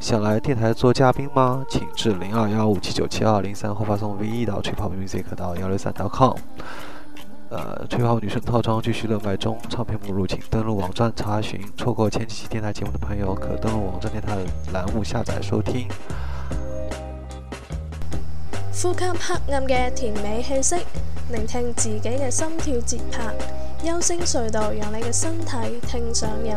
想來電台做嘉賓嗎？請致電零二幺五七九七二零三或發送 V 一到吹泡泡 music 到幺六三點 com。呃，吹泡女生套裝繼續熱賣中，唱片目錄請登錄網站查詢。錯過前幾期電台節目的朋友，可登錄網站電台欄目下載收聽。呼吸黑暗嘅甜美氣息，聆聽自己嘅心跳節拍，幽聲隧道讓你嘅身體聽上癮。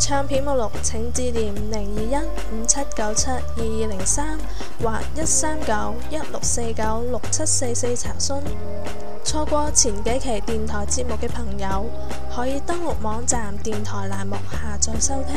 唱片目錄，請致電零二一五七九七二二零三或一三九一六四九六七四四查詢。錯過前幾期電台節目嘅朋友，可以登錄網站電台欄目下載收聽。